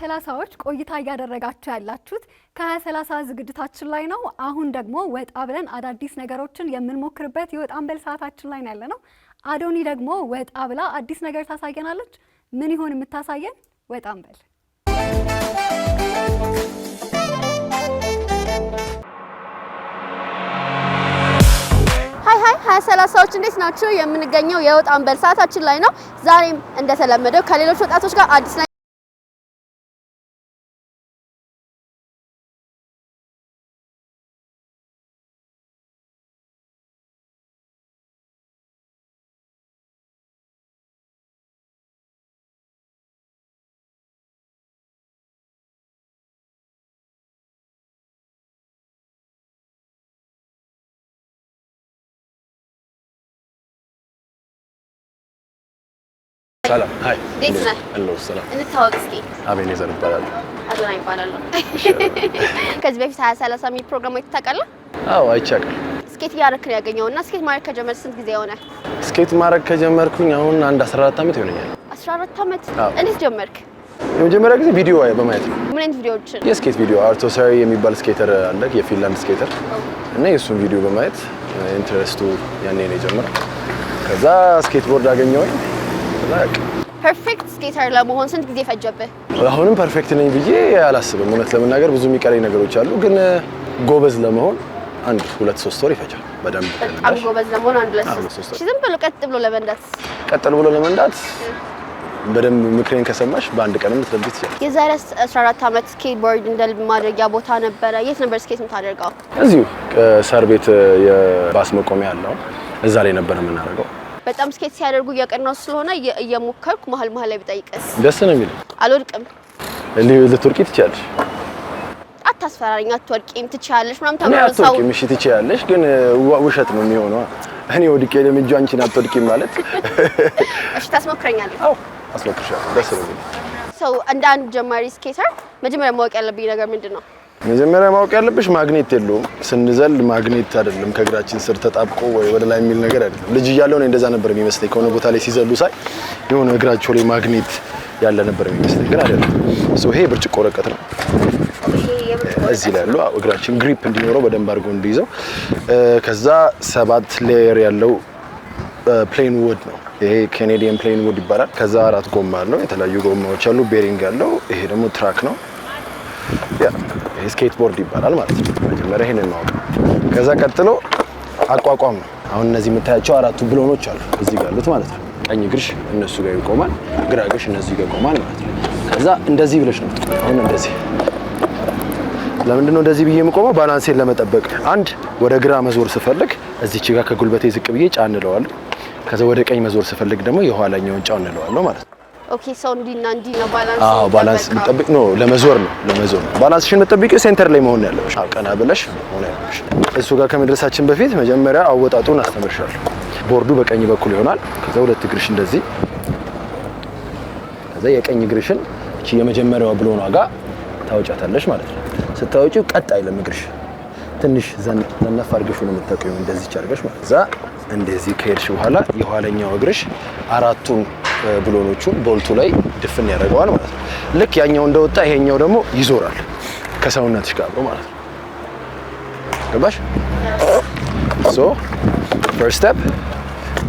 ሰላሳዎች ቆይታ እያደረጋችሁ ያላችሁት ከሀያ ሰላሳ ዝግጅታችን ላይ ነው። አሁን ደግሞ ወጣ ብለን አዳዲስ ነገሮችን የምንሞክርበት የወጣን በል ሰዓታችን ላይ ነው ያለ ነው። አዶኒ ደግሞ ወጣ ብላ አዲስ ነገር ታሳየናለች። ምን ይሆን የምታሳየን? ወጣ በል ሀያ ሰላሳዎች እንዴት ናቸው? የምንገኘው የወጣ ሰዓታችን ላይ ነው። ዛሬም እንደተለመደው ከሌሎች ወጣቶች ጋር አዲስ ሰላም ሀይ፣ እንዴት ነህ? ሰላም። እንታወቅ እስኪ። አቤኔዘር እባላለሁ። አዶና ይባላለሁ። ከዚህ በፊት ሀያ ሰላሳ ፕሮግራም ፕሮግራሞች ታውቃለህ? አዎ አይቻልም። ስኬት እያደረክ ነው ያገኘው እና ስኬት ማድረግ ከጀመርክ ስንት ጊዜ ሆነ? ስኬት ማድረግ ከጀመርኩኝ አሁን አንድ 14 ዓመት ይሆነኛል። 14 ዓመት? እንዴት ጀመርክ? የመጀመሪያ ጊዜ ቪዲዮ በማየት ነው። ምን አይነት ቪዲዮዎችን? የስኬት ቪዲዮ አርቶ አርቶሳሪ የሚባል ስኬተር አለ፣ የፊንላንድ ስኬተር እና የእሱን ቪዲዮ በማየት ኢንትረስቱ ያኔ ነው የጀመረው። ከዛ ስኬትቦርድ አገኘሁኝ ፐርፌክት ስኬተር ለመሆን ስንት ጊዜ ፈጀብህ? አሁንም ፐርፌክት ነኝ ብዬ አላስብም። እውነት ለመናገር ብዙ የሚቀረኝ ነገሮች አሉ። ግን uh, ጎበዝ ለመሆን አንድ ሁለት ሶስት ወር ይፈጃል። በደንብ ጎበዝ ለመሆን አንድ ሁለት ሶስት ወር። ዝም ብሎ ቀጥ ብሎ ለመንዳት ቀጥል ብሎ ለመንዳት በደንብ ምክሬን ከሰማሽ በአንድ ቀንም ልትለምጂ ትችያለሽ። የዛሬ 14 ዓመት ስኬት ቦርድ እንደ ልብ ማድረጊያ ቦታ ነበረ። የት ነበር ስኬት የምታደርገው? እዚሁ uh, ሳር ቤት uh, የባስ መቆሚያ አለው። እዛ ላይ ነበር የምናደርገው። በጣም ስኬት ሲያደርጉ እያቀናው ስለሆነ እየሞከርኩ መሀል መሀል ላይ ብጠይቀስ ደስ ነው የሚለው። አልወድቅም። ልትወርቂ ትችያለሽ። አታስፈራሪኝ። አትወርቂም፣ ትችያለሽ ምናምን ተብሎ ሰው አትወርቂም። እሺ ትችያለሽ፣ ግን ውሸት ነው የሚሆነው። እኔ ወድቄ ለምጄ አንቺን አትወድቂም ማለት። እሺ ታስሞክረኛለሽ? አዎ አስሞክርሻለሁ። ደስ ነው የሚለው። ሰው እንደ አንድ ጀማሪ ስኬተር መጀመሪያ ማወቅ ያለብኝ ነገር ምንድን ነው? መጀመሪያ ማወቅ ያለብሽ ማግኔት የለውም። ስንዘል ማግኔት አይደለም ከእግራችን ስር ተጣብቆ ወይ ወደ ላይ የሚል ነገር አይደለም። ልጅ እያለሁ እኔ እንደዛ ነበር የሚመስለኝ። ከሆነ ቦታ ላይ ሲዘሉ ሳይ የሆነ እግራቸው ላይ ማግኔት ያለ ነበር የሚመስለኝ፣ ግን አይደለም። ይሄ ብርጭቆ ወረቀት ነው። እዚህ ላይ ያለው እግራችን ግሪፕ እንዲኖረው በደንብ አድርጎ እንዲይዘው። ከዛ ሰባት ሌየር ያለው ፕሌን ውድ ነው። ይሄ ኬኔዲየን ፕሌን ውድ ይባላል። ከዛ አራት ጎማ አለው፣ የተለያዩ ጎማዎች አሉ፣ ቤሪንግ አለው። ይሄ ደግሞ ትራክ ነው። ስኬት ቦርድ ይባላል ማለት ነው። መጀመሪያ ይሄንን ማወቅ፣ ከዛ ቀጥሎ አቋቋም ነው። አሁን እነዚህ የምታያቸው አራቱ ብሎኖች አሉ እዚህ ጋር ያሉት ማለት ነው። ቀኝ እግርሽ እነሱ ጋር ይቆማል፣ ግራ እግርሽ እነዚህ ጋር ይቆማል ማለት ነው። ከዛ እንደዚህ ብለሽ ነው የምትቆመው። አሁን እንደዚህ ለምንድን ነው እንደዚህ ብዬ የምቆመው? ባላንሴን ለመጠበቅ አንድ ወደ ግራ መዞር ስፈልግ እዚች ጋር ከጉልበቴ ዝቅ ብዬ ጫን እለዋለሁ። ከዛ ወደ ቀኝ መዞር ስፈልግ ደግሞ የኋላኛውን ጫን እለዋለሁ ማለት ነው። ኦኬ ሰው እንዲና እንዲ ባላንስ። አዎ ባላንስ መጠበቅ ነው፣ ለመዞር ነው ለመዞር ነው። ባላንስሽን መጠበቂው ሴንተር ላይ መሆን ያለብሽ፣ ቀና ብለሽ መሆን ያለብሽ። እሱ ጋር ከመድረሳችን በፊት መጀመሪያ አወጣጡን አስተምርሻለሁ። ቦርዱ በቀኝ በኩል ይሆናል። ከዛ ሁለት እግርሽ እንደዚህ፣ ከዛ የቀኝ እግርሽን እቺ የመጀመሪያዋ ብሎኗ ጋር ታወጫታለሽ ማለት ነው። ስታወጪው ቀጥ አይልም እግርሽ፣ ትንሽ ዘነፍ አድርገሽ ነው የምታውቂው፣ እንደዚህ አድርገሽ ማለት። ከዛ እንደዚህ ከሄድሽ በኋላ የኋለኛው እግርሽ አራቱን ብሎኖቹን ቦልቱ ላይ ድፍን ያደርገዋል ማለት ነው። ልክ ያኛው እንደወጣ ይሄኛው ደግሞ ይዞራል ከሰውነትሽ ጋር ማለት ነው። ገባሽ? ሶ ፈርስት ስቴፕ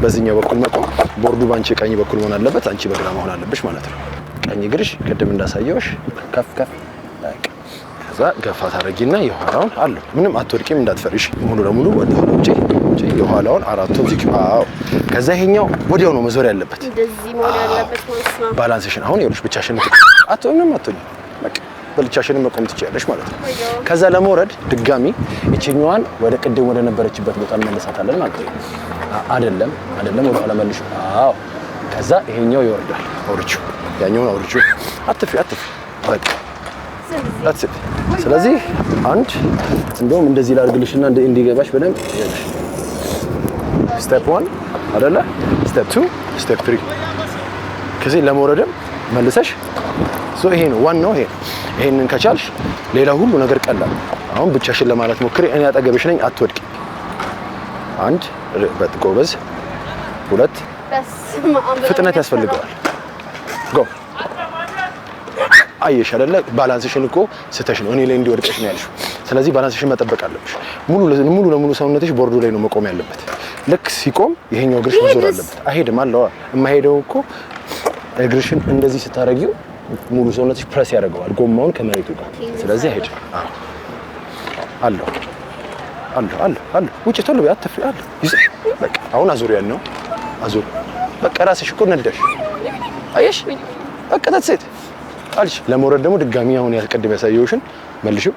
በዚህኛው በኩል መቆም፣ ቦርዱ በአንቺ ቀኝ በኩል መሆን አለበት፣ አንቺ በግራ መሆን አለብሽ ማለት ነው። ቀኝ እግርሽ ቅድም እንዳሳየውሽ ከፍ ከፍ ከዛ ገፋ ታረጊና የኋላውን አለ ምንም አትወድቂም፣ እንዳትፈርሽ ሙሉ ለሙሉ ወደ ኋላ ውጪ የኋላውን አራቱ ዚክ አዎ ከዛ ይሄኛው ወዲያው ነው መዞር ያለበት። ባላንስሽን አሁን ይኸውልሽ፣ ብቻሽን አትሆንም አትሆንም ብቻሽን መቆም ትችያለሽ ማለት ነው። ከዛ ለመውረድ ድጋሚ ይችኛዋን ወደ ቅድም ወደ ነበረችበት ቦታ መለሳታለን ማለት ነው። አይደለም አይደለም፣ ወደ ኋላ መልሽ። አዎ፣ ከዛ ይሄኛው ይወርዳል። አውርቺው፣ ያኛውን አውርቺው። አትፍሪ አትፍሪ፣ በቃ ስለዚህ አንድ እንደውም እንደዚህ ላድርግልሽና እንዲገባሽ በደንብ ስቴፕ ዋን አይደለ? ስቴፕ ቱ ስቴፕ ትሪ ከዚህ ለመውረድም መልሰሽ ሶ ይሄ ነው ዋናው። ይሄ ይሄንን ከቻልሽ ሌላ ሁሉ ነገር ቀላል። አሁን ብቻሽን ለማለት ሞክሪ። እኔ አጠገብሽ ነኝ፣ አትወድቂ። አንድ ጎበዝ፣ ሁለት ፍጥነት ያስፈልገዋል። ጎ አየሽ አይደለ? ባላንስሽን እኮ ስተሽ ነው እኔ ላይ እንዲወድቀሽ ነው ያለሽ ስለዚህ ባላንስሽን መጠበቅ አለብሽ። ሙሉ ለሙሉ ሰውነትሽ ቦርዱ ላይ ነው መቆም ያለበት። ልክ ሲቆም ይሄኛው እግርሽ መዞር አለበት። አይሄድም አለዋ። የማይሄደው እኮ እግርሽን እንደዚህ ስታረጊው ሙሉ ሰውነትሽ ፕረስ ያደርገዋል ጎማውን ከመሬቱ ጋር። ስለዚህ አይሄድ አለ አለ አለ አለው። ውጭ ቶሎ በይ፣ አትፍሪ አለው። በቃ አሁን አዙር፣ ያን ነው አዙር። በቃ ራስሽ እኮ ነደሽ፣ አየሽ፣ በቃ ሴት አልሽ። ለመውረድ ደግሞ ድጋሚ አሁን ያስቀድም ያሳየውሽን መልሽው፣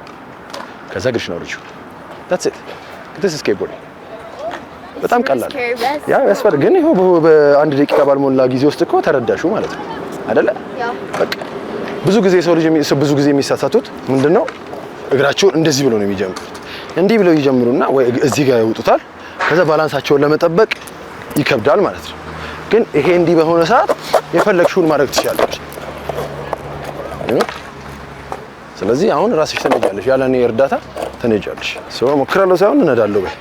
ከዛ እግርሽን አውርጂው። ታትሴት ክትስ ስኬት ቦዲ በጣም ቀላል ያ ያስፈር ግን ይሄው በአንድ ደቂቃ ባልሞላ ጊዜ ውስጥ እኮ ተረዳሹ ማለት ነው አይደለ? በቃ ብዙ ጊዜ ሰው ልጅ ብዙ ጊዜ የሚሳሳቱት ምንድነው እግራቸውን እንደዚህ ብሎ ነው የሚጀምሩት። እንዲህ ብለው ይጀምሩና ወይ እዚህ ጋር ይወጡታል ከዛ ባላንሳቸውን ለመጠበቅ ይከብዳል ማለት ነው። ግን ይሄ እንዲህ በሆነ ሰዓት የፈለግሽውን ማድረግ ትችላለች። ስለዚህ አሁን ራስሽ ትነጃለሽ፣ ያለ እኔ እርዳታ ትነጃለሽ። ሰው ሞክራለሁ ሳይሆን እነዳለሁ በይ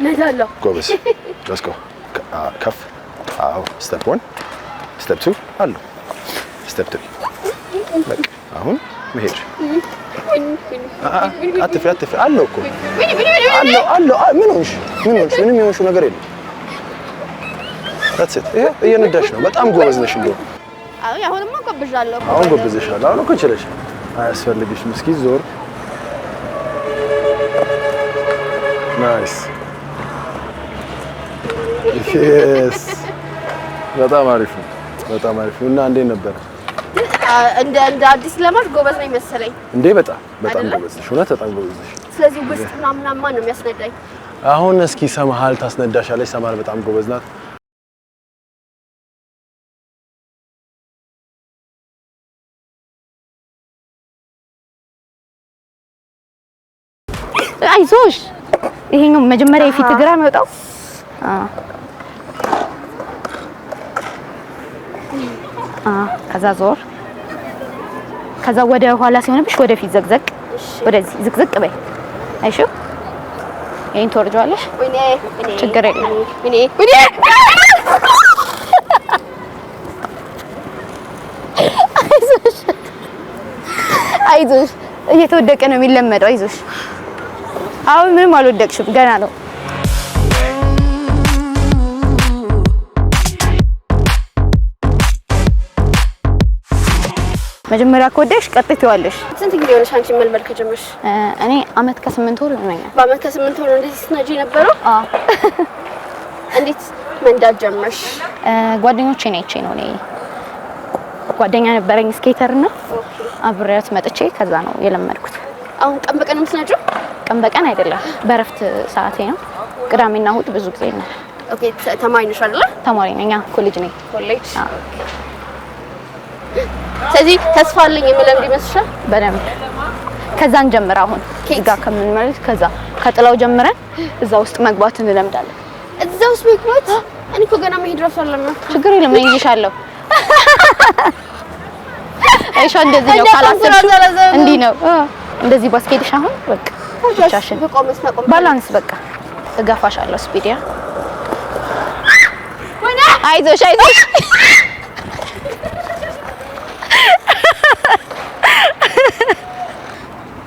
እነዳለሁ። ጎበዝ ሌትስ ጎ። ከፍ። አዎ። ስቴፕ ዋን፣ ስቴፕ ቱ አሉ፣ ስቴፕ ትሪ። በቃ አሁን መሄድ። አትፍሪ፣ አትፍሪ። አለው እኮ አለው፣ አለው። ምን ሆንሽ? ምን ሆንሽ? ምንም የሆንሽው ነገር የለም። ታትሴት ይሄ እየነዳሽ ነው። በጣም ጎበዝ ነሽ። እንደውም አሁንማ ጎብዣለሁ። አሁን ጎብዘሻል። አሁን እኮ ችለሽ አያስፈልግሽም። እስኪ ዞር ናይስ በጣም አሪፍ ነው። በጣም አሪፍ ነው። እና እንዴት ነበረ? እንደ እንደ አዲስ ለማሽ ጎበዝ ነው መሰለኝ። እንዴ በጣም በጣም ጎበዝ ነሽ፣ እውነት በጣም ጎበዝ ነሽ። ስለዚህ ውስጥ ምናምናማ ነው የሚያስነዳኝ። አሁን እስኪ ሰማሃል ታስነዳሻለች። ሰማሃል በጣም ጎበዝ ናት። አይዞሽ። ይሄኛው መጀመሪያ የፊት ግራ ነው የወጣው። ከዛ ዞር፣ ከዛ ወደ ኋላ ሲሆንብሽ ወደፊት ዘቅዘቅ፣ ወደዚህ ዝቅዝቅ በይ። አይሹ ይሄን ትወርጂዋለሽ፣ ችግር የለም። አይዞሽ፣ እየተወደቀ ነው የሚለመደው። አይዞሽ፣ አሁን ምንም አልወደቅሽም፣ ገና ነው። መጀመሪያ ከወደሽ ቀጥት ይዋለሽ። ስንት ጊዜ ሆነሽ አንቺ መልመል ከጀመርሽ? እኔ አመት ከስምንት ወር ይሆነኛል። በአመት ከስምንት ወር እንደዚህ ስትነጂ የነበረው? አዎ። እንዴት መንዳት ጀመርሽ? ጓደኞቼ ነው ነው እኔ ጓደኛ ነበረኝ ስኬተር እና አብሬያት መጥቼ ከዛ ነው የለመድኩት። አሁን ቀን በቀን የምትነጂው? ቀን በቀን አይደለም፣ በረፍት ሰዓቴ ነው። ቅዳሜና እሁድ ብዙ ጊዜ ነው። ኦኬ። ተማሪ ነሽ አይደለ? ተማሪ ነኝ። ኮሌጅ ነኝ። ኮሌጅ ስለዚህ ተስፋ አለኝ የሚለምድ ይመስልሻል? በደንብ ከዛን ጀምር። አሁን እዛ ከምንመለስ ከዛ ከጥላው ጀምረን እዛ ውስጥ መግባት እንለምዳለን። እዛ ውስጥ መግባት? እኔ እኮ ገና መሄድ እራሱ አለምነው። ችግር የለም እኔ ይዤሻለሁ። አይሻ እንደዚህ ነው ካላሰብሽው፣ እንዲህ ነው እንደዚህ ባስኬድሽ። አሁን በቃ ብቻሽን ባላንስ በቃ እገፋሻለሁ። ያ አይዞሽ አይዞሽ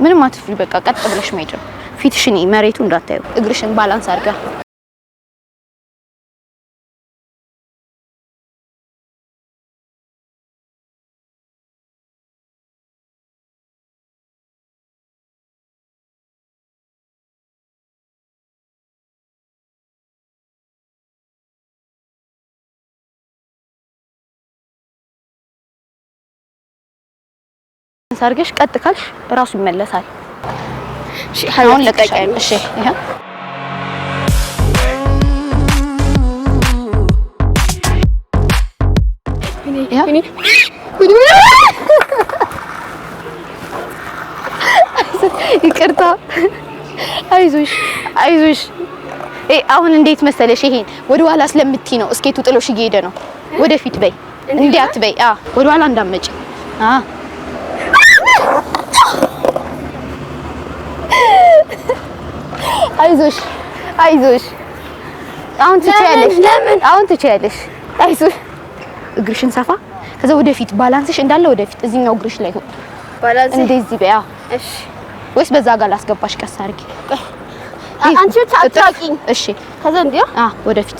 ምንም አትፍሪ። በቃ ቀጥ ብለሽ መሄድ ነው። ፊትሽን መሬቱ እንዳታዩ፣ እግርሽን ባላንስ አድርጋ ሰርገሽ ቀጥ ካልሽ ራሱ ይመለሳል። እሺ አሁን ለቀቀኝ። እሺ ይሄ ይቅርታ። አይዞሽ አይዞሽ። እ አሁን እንዴት መሰለሽ ይሄን ወደ ኋላ ስለምትይ ነው። እስኬቱ ጥሎሽ እየሄደ ነው። ወደፊት በይ፣ እንዲህ አትበይ። ወደ ኋላ እንዳመጭ አይዞሽ አይዞሽ፣ አሁን ትችያለሽ፣ አሁን ትችያለሽ። አይዞሽ እግርሽን ሰፋ፣ ከዛ ወደፊት ባላንስሽ እንዳለ ወደፊት እዚህኛው እግርሽ ላይ ነው። ባላንስ እንደዚህ በያ። እሺ ወይስ በዛ ጋር ላስገባሽ? ቀስ አድርጊ። አንቺ ብቻ እሺ ከዛ እንዲያ አ ወደፊት።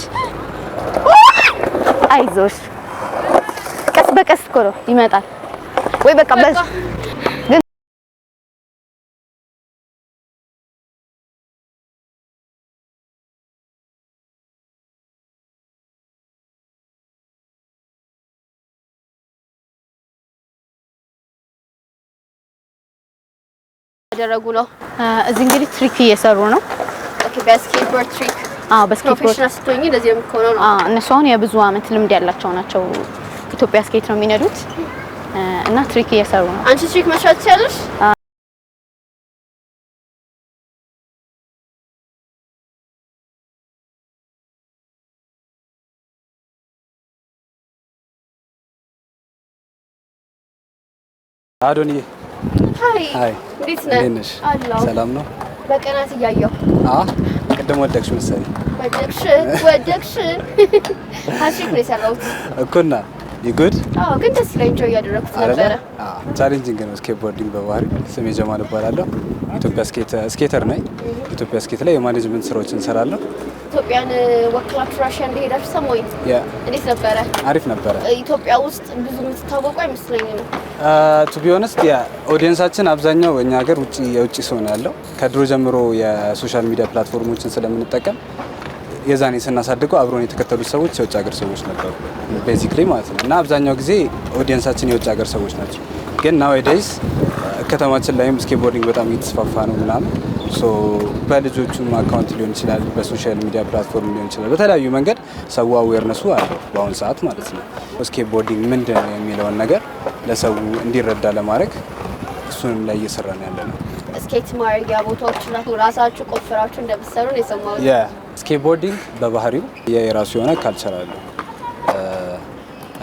አይዞሽ፣ ቀስ በቀስ እኮ ነው ይመጣል። ወይ በቃ በስ ያደረጉ ነው። እዚህ እንግዲህ ትሪክ እየሰሩ ነው። ኦኬ ትሪክ። አዎ ባስኬትቦርድ ስትሆኚ እንደዚህ ነው አዎ እነሱ አሁን የብዙ አመት ልምድ ያላቸው ናቸው። ኢትዮጵያ ስኬት ነው የሚነዱት እና ትሪክ እየሰሩ ነው። አንቺ ትሪክ መስራት ትችያለሽ? አዶንዬ እንዴት ነሽ? ሰላም ነው። በቀናት እያየሁ ቅድም ወደቅሽ መሰለኝ። ወደቅሽ ወደቅሽ። ሀሽክ ነው የሰራሁት እኮ እና ይጉድ ግን ደስ ይላል። ኢንጆይ እያደረኩት ነበረ። ቻሌንጂንግ ነው ስኬት ቦርዲንግ በባህሪ። ስሜ ጀማል እባላለሁ። ኢትዮጵያ ስኬተር ነኝ። ኢትዮጵያ ስኬት ላይ የማኔጅመንት ስራዎች እንሰራለሁ። ኢትዮጵያን ወክላችሁ uh, ራሽያ እንደሄዳችሁ ሰሞኑን እንዴት ነበረ? አሪፍ ነበረ። uh, ኢትዮጵያ ውስጥ ብዙ የምትታወቁ አይመስለኝም። ቱ ቢ ኦነስት ኦዲየንሳችን አብዛኛው እኛ ሀገር ውጭ የውጭ ሰው ነው ያለው። ከድሮ ጀምሮ የሶሻል ሚዲያ ፕላትፎርሞችን ስለምንጠቀም የዛኔ ስናሳድገው አብሮን የተከተሉት ሰዎች የውጭ ሀገር ሰዎች ነበሩ ቤዚክሊ ማለት ነው። እና አብዛኛው ጊዜ ኦዲየንሳችን የውጭ ሀገር ሰዎች ናቸው። ግን ናው ዴይስ uh, ከተማችን ላይም ስኬትቦርዲንግ በጣም እየተስፋፋ ነው ምናምን በልጆቹም አካውንት ሊሆን ይችላል፣ በሶሻል ሚዲያ ፕላትፎርም ሊሆን ይችላል። በተለያዩ መንገድ ሰው አዌርነሱ አለው በአሁኑ ሰዓት ማለት ነው። ስኬት ቦርዲንግ ምንድን ነው የሚለውን ነገር ለሰው እንዲረዳ ለማድረግ እሱንም ላይ እየሰራ ነው ያለ ነው። ስኬት ማድረጊያ ቦታዎች ራሳችሁ ቆፍራችሁ እንደምትሰሩ ነው የሰማሁት። ስኬት ቦርዲንግ በባህሪው የራሱ የሆነ ካልቸር አለው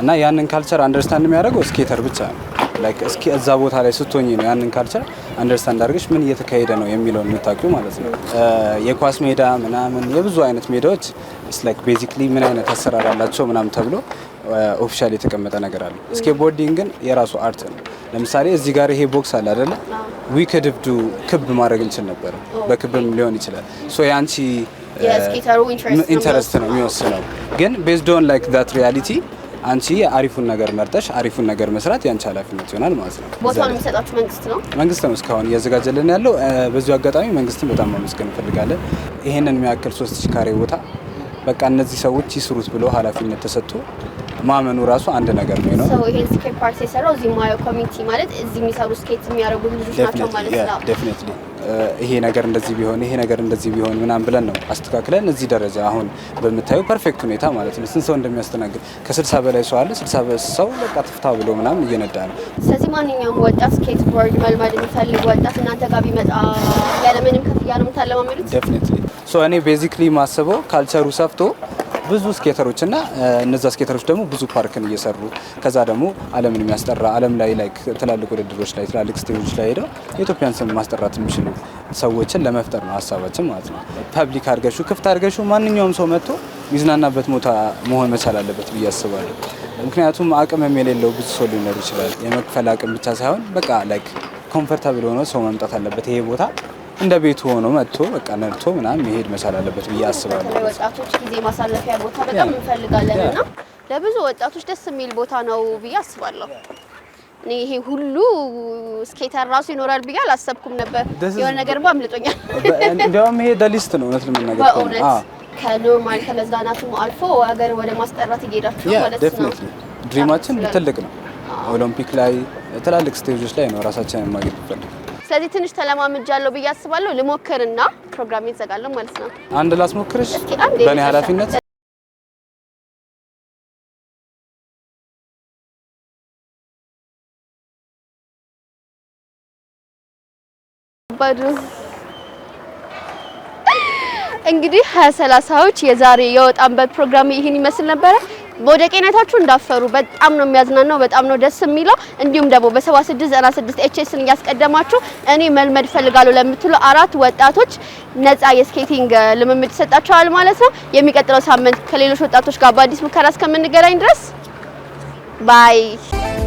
እና ያንን ካልቸር አንደርስታንድ የሚያደርገው ስኬተር ብቻ ነው። ላይክ እስኪ እዛ ቦታ ላይ ስትሆኝ ነው ያንን ካልቸር አንደርስታንድ አድርገሽ ምን እየተካሄደ ነው የሚለውን የምታውቂው ማለት ነው። የኳስ ሜዳ ምናምን የብዙ አይነት ሜዳዎች ላይክ ቤዚክሊ ምን አይነት አሰራር አላቸው ምናምን ተብሎ ኦፊሻል የተቀመጠ ነገር አለ። ስኬት ቦርዲንግ ግን የራሱ አርት ነው። ለምሳሌ እዚህ ጋር ይሄ ቦክስ አለ አይደለ? ዊ ከድብዱ ክብ ማድረግ እንችል ነበር። በክብም ሊሆን ይችላል። ሶ የአንቺ ኢንተረስት ነው የሚወስነው። ግን ቤዝዶን ላይክ ዳት ሪያሊቲ አንቺ አሪፉን ነገር መርጠሽ አሪፉን ነገር መስራት ያንቺ ኃላፊነት ይሆናል ማለት ነው። ቦታውን የሚሰጣችሁ መንግስት ነው መንግስት ነው እስካሁን እያዘጋጀልን ያለው። በዚሁ አጋጣሚ መንግስትን በጣም ማመስገን እንፈልጋለን። ይህንን የሚያክል ሶስት ሺህ ካሬ ቦታ በቃ እነዚህ ሰዎች ይስሩት ብሎ ኃላፊነት ተሰጥቶ ማመኑ ራሱ አንድ ነገር ነው ነው ይሄን ስኬት ፓርቲ የሰራው እዚህ ማየው ኮሚኒቲ ማለት እዚህ የሚሰሩ ስኬት የሚያደርጉ ልጆች ናቸው ማለት ነው። ይሄ ነገር እንደዚህ ቢሆን ይሄ ነገር እንደዚህ ቢሆን ምናምን ብለን ነው አስተካክለን እዚህ ደረጃ አሁን በምታዩ ፐርፌክት ሁኔታ ማለት ነው ስንት ሰው እንደሚያስተናግድ ከስልሳ በላይ ሰው አለ። ስልሳ ሰው በቃ ትፍታ ብሎ ምናምን እየነዳ ነው። ስለዚህ ማንኛውም ወጣት ስኬት ቦርድ መልመድ የሚፈልግ ወጣት እናንተ ጋር ቢመጣ ያለምንም ክፍያ ነው የምታለማምዱት? ዴፍኒትሊ እኔ ቤዚክሊ ማስበው ካልቸሩ ሰፍቶ ብዙ ስኬተሮች እና እነዛ ስኬተሮች ደግሞ ብዙ ፓርክን እየሰሩ ከዛ ደግሞ ዓለምን የሚያስጠራ ዓለም ላይ ላይ ትላልቅ ውድድሮች ላይ ትላልቅ ስቴጆች ላይ ሄደው የኢትዮጵያን ስም ማስጠራት የሚችሉ ሰዎችን ለመፍጠር ነው ሀሳባችን ማለት ነው። ፐብሊክ አድርገሹ ክፍት አድርገሹ ማንኛውም ሰው መጥቶ ሚዝናናበት ቦታ መሆን መቻል አለበት ብዬ አስባለሁ። ምክንያቱም አቅምም የሌለው ብዙ ሰው ሊኖር ይችላል። የመክፈል አቅም ብቻ ሳይሆን በቃ ላይክ ኮምፈርታብል ሆኖ ሰው መምጣት አለበት ይሄ ቦታ እንደ ቤቱ ሆኖ መጥቶ በቃ ነድቶ ምናምን መሄድ መቻል አለበት ብዬ አስባለሁ። ወጣቶች ጊዜ ማሳለፊያ ቦታ በጣም እንፈልጋለን እና ለብዙ ወጣቶች ደስ የሚል ቦታ ነው ብዬ አስባለሁ። እኔ ይሄ ሁሉ ስኬተር ራሱ ይኖራል ብዬ አላሰብኩም ነበር። የሆነ ነገር አምልጦኛል። እንዲያውም ይሄ ደሊስት ነው እውነት ለመናገር በእውነት ከኖርማል ከመዝናናቱም አልፎ ሀገር ወደ ማስጠራት እየሄዳችሁ ማለት ነው። ድሪማችን ትልቅ ነው። ኦሎምፒክ ላይ ትላልቅ ስቴጆች ላይ ነው ራሳችንን ማግኘት ይፈልግ ስለዚህ ትንሽ ተለማምጃለሁ ብዬ አስባለሁ። ልሞክርና ፕሮግራም ይዘጋለሁ ማለት ነው። አንድ ላስሞክርሽ በእኔ ኃላፊነት እንግዲህ ሀያ ሰላሳዎች የዛሬ የወጣንበት ፕሮግራም ይህን ይመስል ነበረ። በወደቄነታችሁ እንዳፈሩ በጣም ነው የሚያዝናናው፣ በጣም ነው ደስ የሚለው። እንዲሁም ደግሞ በ7696 ኤችኤስን እያስቀደማችሁ እኔ መልመድ ፈልጋለሁ ለምትሉ አራት ወጣቶች ነፃ የስኬቲንግ ልምምድ ይሰጣቸዋል ማለት ነው። የሚቀጥለው ሳምንት ከሌሎች ወጣቶች ጋር በአዲስ ሙከራ እስከምንገናኝ ድረስ ባይ